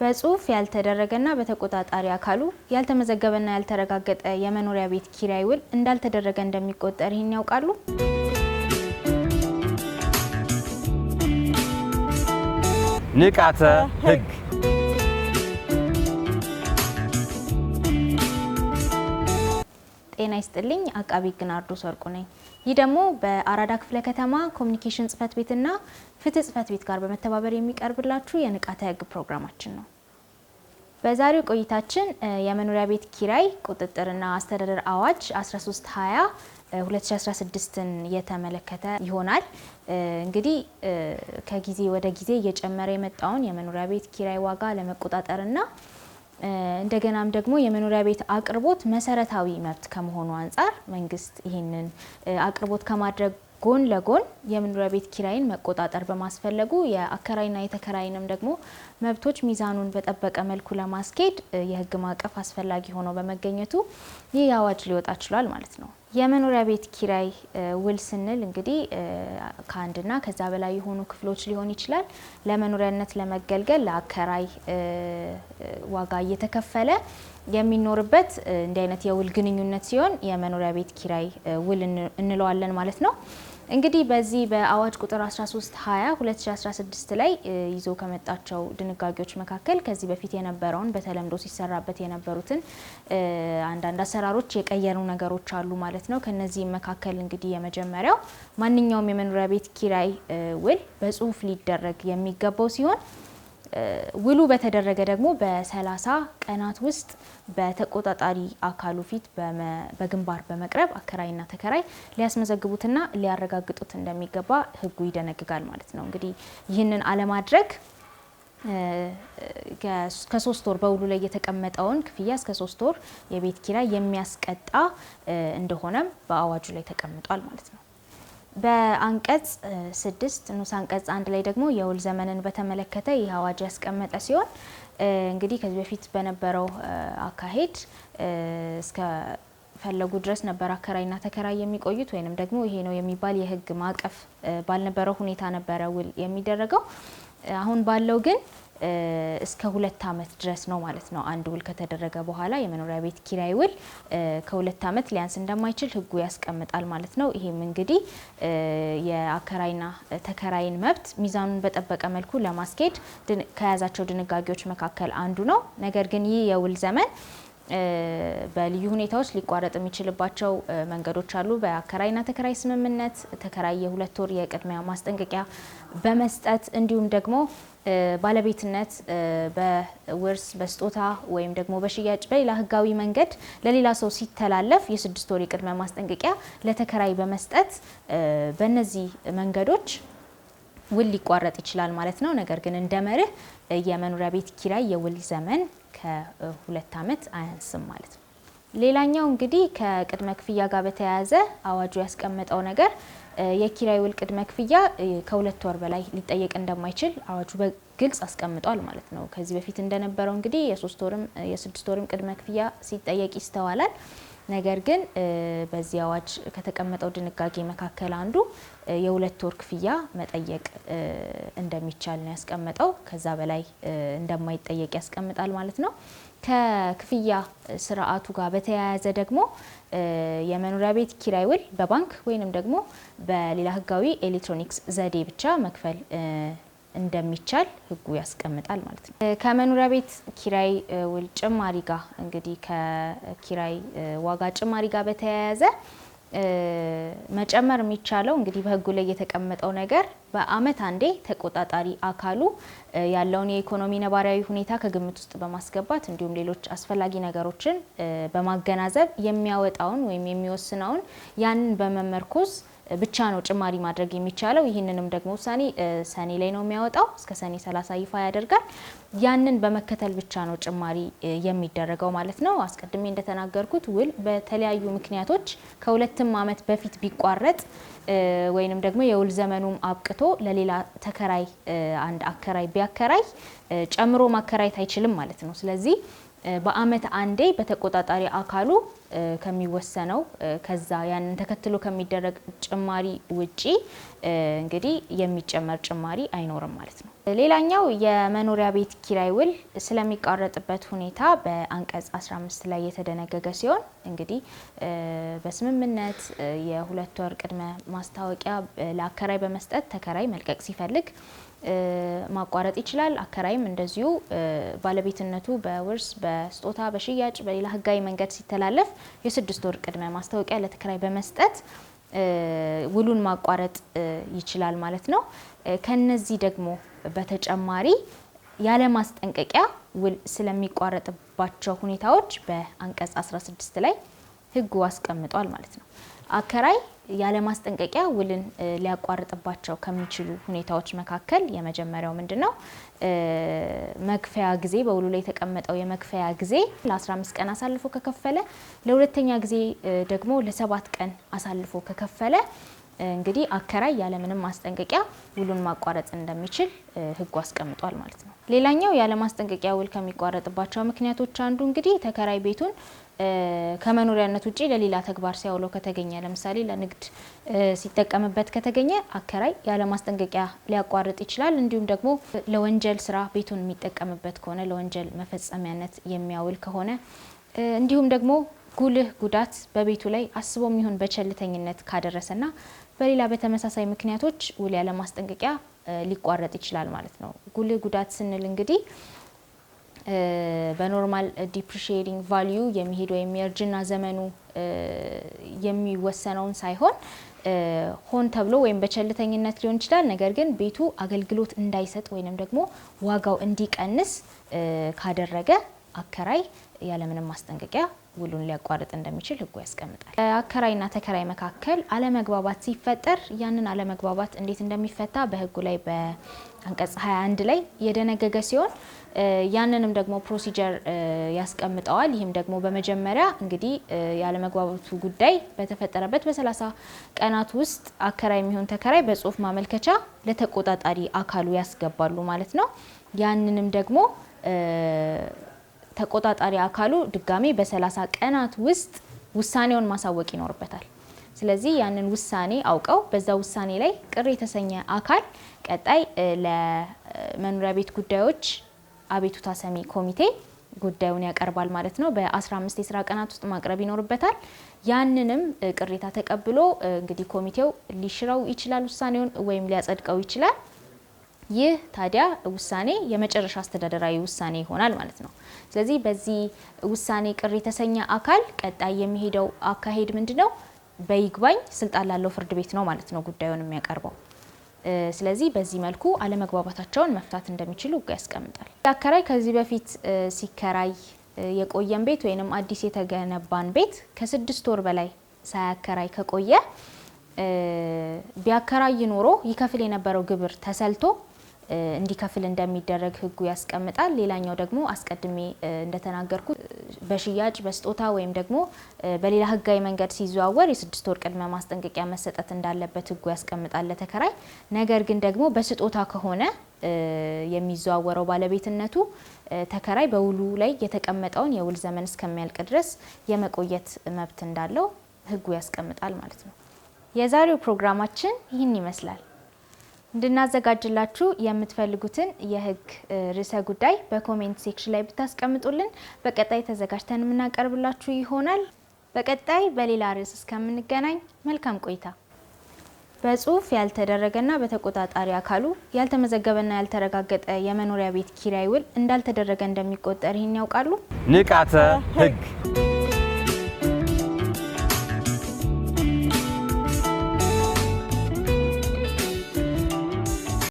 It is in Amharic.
በጽሁፍ ያልተደረገና በተቆጣጣሪ አካሉ ያልተመዘገበና ያልተረጋገጠ የመኖሪያ ቤት ኪራይ ውል እንዳልተደረገ እንደሚቆጠር ይህን ያውቃሉ? ንቃተ ህግ ይስጥልኝ። አቃቢ ሕግ ናርዶስ ወርቁ ነኝ። ይህ ደግሞ በአራዳ ክፍለ ከተማ ኮሚኒኬሽን ጽህፈት ቤትና ፍትህ ጽህፈት ቤት ጋር በመተባበር የሚቀርብላችሁ የንቃተ ህግ ፕሮግራማችን ነው። በዛሬው ቆይታችን የመኖሪያ ቤት ኪራይ ቁጥጥርና አስተዳደር አዋጅ 1320 2016ን የተመለከተ ይሆናል። እንግዲህ ከጊዜ ወደ ጊዜ እየጨመረ የመጣውን የመኖሪያ ቤት ኪራይ ዋጋ ለመቆጣጠርና እንደገናም ደግሞ የመኖሪያ ቤት አቅርቦት መሰረታዊ መብት ከመሆኑ አንጻር መንግስት ይህንን አቅርቦት ከማድረግ ጎን ለጎን የመኖሪያ ቤት ኪራይን መቆጣጠር በማስፈለጉ የአከራይና የተከራይንም ደግሞ መብቶች ሚዛኑን በጠበቀ መልኩ ለማስኬድ የህግ ማዕቀፍ አስፈላጊ ሆኖ በመገኘቱ ይህ አዋጅ ሊወጣ ችሏል ማለት ነው። የመኖሪያ ቤት ኪራይ ውል ስንል እንግዲህ ከአንድና ከዛ በላይ የሆኑ ክፍሎች ሊሆን ይችላል። ለመኖሪያነት ለመገልገል ለአከራይ ዋጋ እየተከፈለ የሚኖርበት እንዲህ አይነት የውል ግንኙነት ሲሆን የመኖሪያ ቤት ኪራይ ውል እንለዋለን ማለት ነው። እንግዲህ በዚህ በአዋጅ ቁጥር 1320 2016 ላይ ይዞ ከመጣቸው ድንጋጌዎች መካከል ከዚህ በፊት የነበረውን በተለምዶ ሲሰራበት የነበሩትን አንዳንድ አሰራሮች የቀየሩ ነገሮች አሉ ማለት ነው። ከነዚህም መካከል እንግዲህ የመጀመሪያው ማንኛውም የመኖሪያ ቤት ኪራይ ውል በጽሁፍ ሊደረግ የሚገባው ሲሆን ውሉ በተደረገ ደግሞ በሰላሳ ቀናት ውስጥ በተቆጣጣሪ አካሉ ፊት በግንባር በመቅረብ አከራይና ተከራይ ሊያስመዘግቡትና ሊያረጋግጡት እንደሚገባ ሕጉ ይደነግጋል ማለት ነው። እንግዲህ ይህንን አለማድረግ ከሶስት ወር በውሉ ላይ የተቀመጠውን ክፍያ እስከ ሶስት ወር የቤት ኪራይ የሚያስቀጣ እንደሆነም በአዋጁ ላይ ተቀምጧል ማለት ነው። በአንቀጽ ስድስት ንዑስ አንቀጽ አንድ ላይ ደግሞ የውል ዘመንን በተመለከተ ይህ አዋጅ ያስቀመጠ ሲሆን እንግዲህ ከዚህ በፊት በነበረው አካሄድ እስከ ፈለጉ ድረስ ነበር አከራይና ተከራይ የሚቆዩት ወይንም ደግሞ ይሄ ነው የሚባል የህግ ማዕቀፍ ባልነበረው ሁኔታ ነበረ ውል የሚደረገው። አሁን ባለው ግን እስከ ሁለት ዓመት ድረስ ነው ማለት ነው። አንድ ውል ከተደረገ በኋላ የመኖሪያ ቤት ኪራይ ውል ከሁለት ዓመት ሊያንስ እንደማይችል ህጉ ያስቀምጣል ማለት ነው። ይህም እንግዲህ የአከራይና ተከራይን መብት ሚዛኑን በጠበቀ መልኩ ለማስኬድ ከያዛቸው ድንጋጌዎች መካከል አንዱ ነው። ነገር ግን ይህ የውል ዘመን በልዩ ሁኔታዎች ሊቋረጥ የሚችልባቸው መንገዶች አሉ። በአከራይና ተከራይ ስምምነት ተከራይ የሁለት ወር የቅድሚያ ማስጠንቀቂያ በመስጠት እንዲሁም ደግሞ ባለቤትነት በውርስ በስጦታ ወይም ደግሞ በሽያጭ በሌላ ህጋዊ መንገድ ለሌላ ሰው ሲተላለፍ የስድስት ወር የቅድመ ማስጠንቀቂያ ለተከራይ በመስጠት በእነዚህ መንገዶች ውል ሊቋረጥ ይችላል ማለት ነው። ነገር ግን እንደ መርህ የመኖሪያ ቤት ኪራይ የውል ዘመን ከሁለት ዓመት አያንስም ማለት ነው። ሌላኛው እንግዲህ ከቅድመ ክፍያ ጋር በተያያዘ አዋጁ ያስቀመጠው ነገር የኪራይ ውል ቅድመ ክፍያ ከሁለት ወር በላይ ሊጠየቅ እንደማይችል አዋጁ በግልጽ አስቀምጧል ማለት ነው። ከዚህ በፊት እንደነበረው እንግዲህ የሶስት ወርም የስድስት ወርም ቅድመ ክፍያ ሲጠየቅ ይስተዋላል። ነገር ግን በዚህ አዋጅ ከተቀመጠው ድንጋጌ መካከል አንዱ የሁለት ወር ክፍያ መጠየቅ እንደሚቻል ነው ያስቀመጠው። ከዛ በላይ እንደማይጠየቅ ያስቀምጣል ማለት ነው። ከክፍያ ስርዓቱ ጋር በተያያዘ ደግሞ የመኖሪያ ቤት ኪራይ ውል በባንክ ወይንም ደግሞ በሌላ ህጋዊ ኤሌክትሮኒክስ ዘዴ ብቻ መክፈል እንደሚቻል ህጉ ያስቀምጣል ማለት ነው። ከመኖሪያ ቤት ኪራይ ውል ጭማሪ ጋር እንግዲህ ከኪራይ ዋጋ ጭማሪ ጋር በተያያዘ መጨመር የሚቻለው እንግዲህ በህጉ ላይ የተቀመጠው ነገር በአመት አንዴ ተቆጣጣሪ አካሉ ያለውን የኢኮኖሚ ነባሪያዊ ሁኔታ ከግምት ውስጥ በማስገባት እንዲሁም ሌሎች አስፈላጊ ነገሮችን በማገናዘብ የሚያወጣውን ወይም የሚወስነውን ያንን በመመርኮዝ ብቻ ነው ጭማሪ ማድረግ የሚቻለው። ይህንንም ደግሞ ውሳኔ ሰኔ ላይ ነው የሚያወጣው። እስከ ሰኔ 30 ይፋ ያደርጋል። ያንን በመከተል ብቻ ነው ጭማሪ የሚደረገው ማለት ነው። አስቀድሜ እንደተናገርኩት ውል በተለያዩ ምክንያቶች ከሁለትም ዓመት በፊት ቢቋረጥ ወይንም ደግሞ የውል ዘመኑም አብቅቶ ለሌላ ተከራይ አንድ አከራይ ቢያከራይ ጨምሮ ማከራየት አይችልም ማለት ነው። ስለዚህ በዓመት አንዴ በተቆጣጣሪ አካሉ ከሚወሰነው ከዛ ያንን ተከትሎ ከሚደረግ ጭማሪ ውጪ እንግዲህ የሚጨመር ጭማሪ አይኖርም ማለት ነው። ሌላኛው የመኖሪያ ቤት ኪራይ ውል ስለሚቋረጥበት ሁኔታ በአንቀጽ 15 ላይ የተደነገገ ሲሆን እንግዲህ በስምምነት የሁለት ወር ቅድመ ማስታወቂያ ለአከራይ በመስጠት ተከራይ መልቀቅ ሲፈልግ ማቋረጥ ይችላል። አከራይም እንደዚሁ ባለቤትነቱ በውርስ፣ በስጦታ፣ በሽያጭ፣ በሌላ ህጋዊ መንገድ ሲተላለፍ የስድስት ወር ቅድመ ማስታወቂያ ለተከራይ በመስጠት ውሉን ማቋረጥ ይችላል ማለት ነው። ከነዚህ ደግሞ በተጨማሪ ያለ ማስጠንቀቂያ ውል ስለሚቋረጥባቸው ሁኔታዎች በአንቀጽ 16 ላይ ህጉ አስቀምጧል ማለት ነው። አከራይ ማስጠንቀቂያ ውልን ሊያቋርጥባቸው ከሚችሉ ሁኔታዎች መካከል የመጀመሪያው ምንድን ነው? መክፈያ ጊዜ በውሉ ላይ የተቀመጠው የመክፈያ ጊዜ ለ15 ቀን አሳልፎ ከከፈለ፣ ለሁለተኛ ጊዜ ደግሞ ለሰባት ቀን አሳልፎ ከከፈለ እንግዲህ አከራይ ያለምንም ማስጠንቀቂያ ውሉን ማቋረጥ እንደሚችል ህጉ አስቀምጧል ማለት ነው። ሌላኛው ያለ ማስጠንቀቂያ ውል ከሚቋረጥባቸው ምክንያቶች አንዱ እንግዲህ ተከራይ ቤቱን ከመኖሪያነት ውጪ ለሌላ ተግባር ሲያውለው ከተገኘ፣ ለምሳሌ ለንግድ ሲጠቀምበት ከተገኘ አከራይ ያለ ማስጠንቀቂያ ሊያቋርጥ ይችላል። እንዲሁም ደግሞ ለወንጀል ስራ ቤቱን የሚጠቀምበት ከሆነ ለወንጀል መፈጸሚያነት የሚያውል ከሆነ እንዲሁም ደግሞ ጉልህ ጉዳት በቤቱ ላይ አስቦም ይሁን በቸልተኝነት ካደረሰና በሌላ በተመሳሳይ ምክንያቶች ውል ያለ ማስጠንቀቂያ ሊቋረጥ ይችላል ማለት ነው። ጉልህ ጉዳት ስንል እንግዲህ በኖርማል ዲፕሪሺየቲንግ ቫልዩ የሚሄድ ወይም የእርጅና ዘመኑ የሚወሰነውን ሳይሆን ሆን ተብሎ ወይም በቸልተኝነት ሊሆን ይችላል። ነገር ግን ቤቱ አገልግሎት እንዳይሰጥ ወይንም ደግሞ ዋጋው እንዲቀንስ ካደረገ አከራይ ያለምንም ማስጠንቀቂያ ውሉን ሊያቋርጥ እንደሚችል ህጉ ያስቀምጣል። አከራይና ተከራይ መካከል አለመግባባት ሲፈጠር ያንን አለመግባባት እንዴት እንደሚፈታ በህጉ ላይ በአንቀጽ 21 ላይ የደነገገ ሲሆን ያንንም ደግሞ ፕሮሲጀር ያስቀምጠዋል። ይህም ደግሞ በመጀመሪያ እንግዲህ ያለመግባባቱ ጉዳይ በተፈጠረበት በሰላሳ ቀናት ውስጥ አከራይ የሚሆን ተከራይ በጽሁፍ ማመልከቻ ለተቆጣጣሪ አካሉ ያስገባሉ ማለት ነው። ያንንም ደግሞ ተቆጣጣሪ አካሉ ድጋሜ በ30 ቀናት ውስጥ ውሳኔውን ማሳወቅ ይኖርበታል። ስለዚህ ያንን ውሳኔ አውቀው በዛ ውሳኔ ላይ ቅር የተሰኘ አካል ቀጣይ ለመኖሪያ ቤት ጉዳዮች አቤቱታ ሰሚ ኮሚቴ ጉዳዩን ያቀርባል ማለት ነው። በ15 የስራ ቀናት ውስጥ ማቅረብ ይኖርበታል። ያንንም ቅሬታ ተቀብሎ እንግዲህ ኮሚቴው ሊሽረው ይችላል ውሳኔውን ወይም ሊያጸድቀው ይችላል። ይህ ታዲያ ውሳኔ የመጨረሻ አስተዳደራዊ ውሳኔ ይሆናል ማለት ነው። ስለዚህ በዚህ ውሳኔ ቅር የተሰኘ አካል ቀጣይ የሚሄደው አካሄድ ምንድን ነው? በይግባኝ ስልጣን ላለው ፍርድ ቤት ነው ማለት ነው ጉዳዩን የሚያቀርበው። ስለዚህ በዚህ መልኩ አለመግባባታቸውን መፍታት እንደሚችሉ ሕጉ ያስቀምጣል። አከራይ ከዚህ በፊት ሲከራይ የቆየን ቤት ወይንም አዲስ የተገነባን ቤት ከስድስት ወር በላይ ሳያከራይ ከቆየ ቢያከራይ ኖሮ ይከፍል የነበረው ግብር ተሰልቶ እንዲከፍል እንደሚደረግ ህጉ ያስቀምጣል። ሌላኛው ደግሞ አስቀድሜ እንደተናገርኩት በሽያጭ በስጦታ ወይም ደግሞ በሌላ ህጋዊ መንገድ ሲዘዋወር የስድስት ወር ቅድመ ማስጠንቀቂያ መሰጠት እንዳለበት ህጉ ያስቀምጣል ለተከራይ። ነገር ግን ደግሞ በስጦታ ከሆነ የሚዘዋወረው ባለቤትነቱ ተከራይ በውሉ ላይ የተቀመጠውን የውል ዘመን እስከሚያልቅ ድረስ የመቆየት መብት እንዳለው ህጉ ያስቀምጣል ማለት ነው። የዛሬው ፕሮግራማችን ይህን ይመስላል። እንድናዘጋጅላችሁ የምትፈልጉትን የህግ ርዕሰ ጉዳይ በኮሜንት ሴክሽን ላይ ብታስቀምጡልን በቀጣይ ተዘጋጅተን የምናቀርብላችሁ ይሆናል። በቀጣይ በሌላ ርዕስ እስከምንገናኝ መልካም ቆይታ። በጽሁፍ ያልተደረገና በተቆጣጣሪ አካሉ ያልተመዘገበና ያልተረጋገጠ የመኖሪያ ቤት ኪራይ ውል እንዳልተደረገ እንደሚቆጠር ይህን ያውቃሉ? ንቃተ ህግ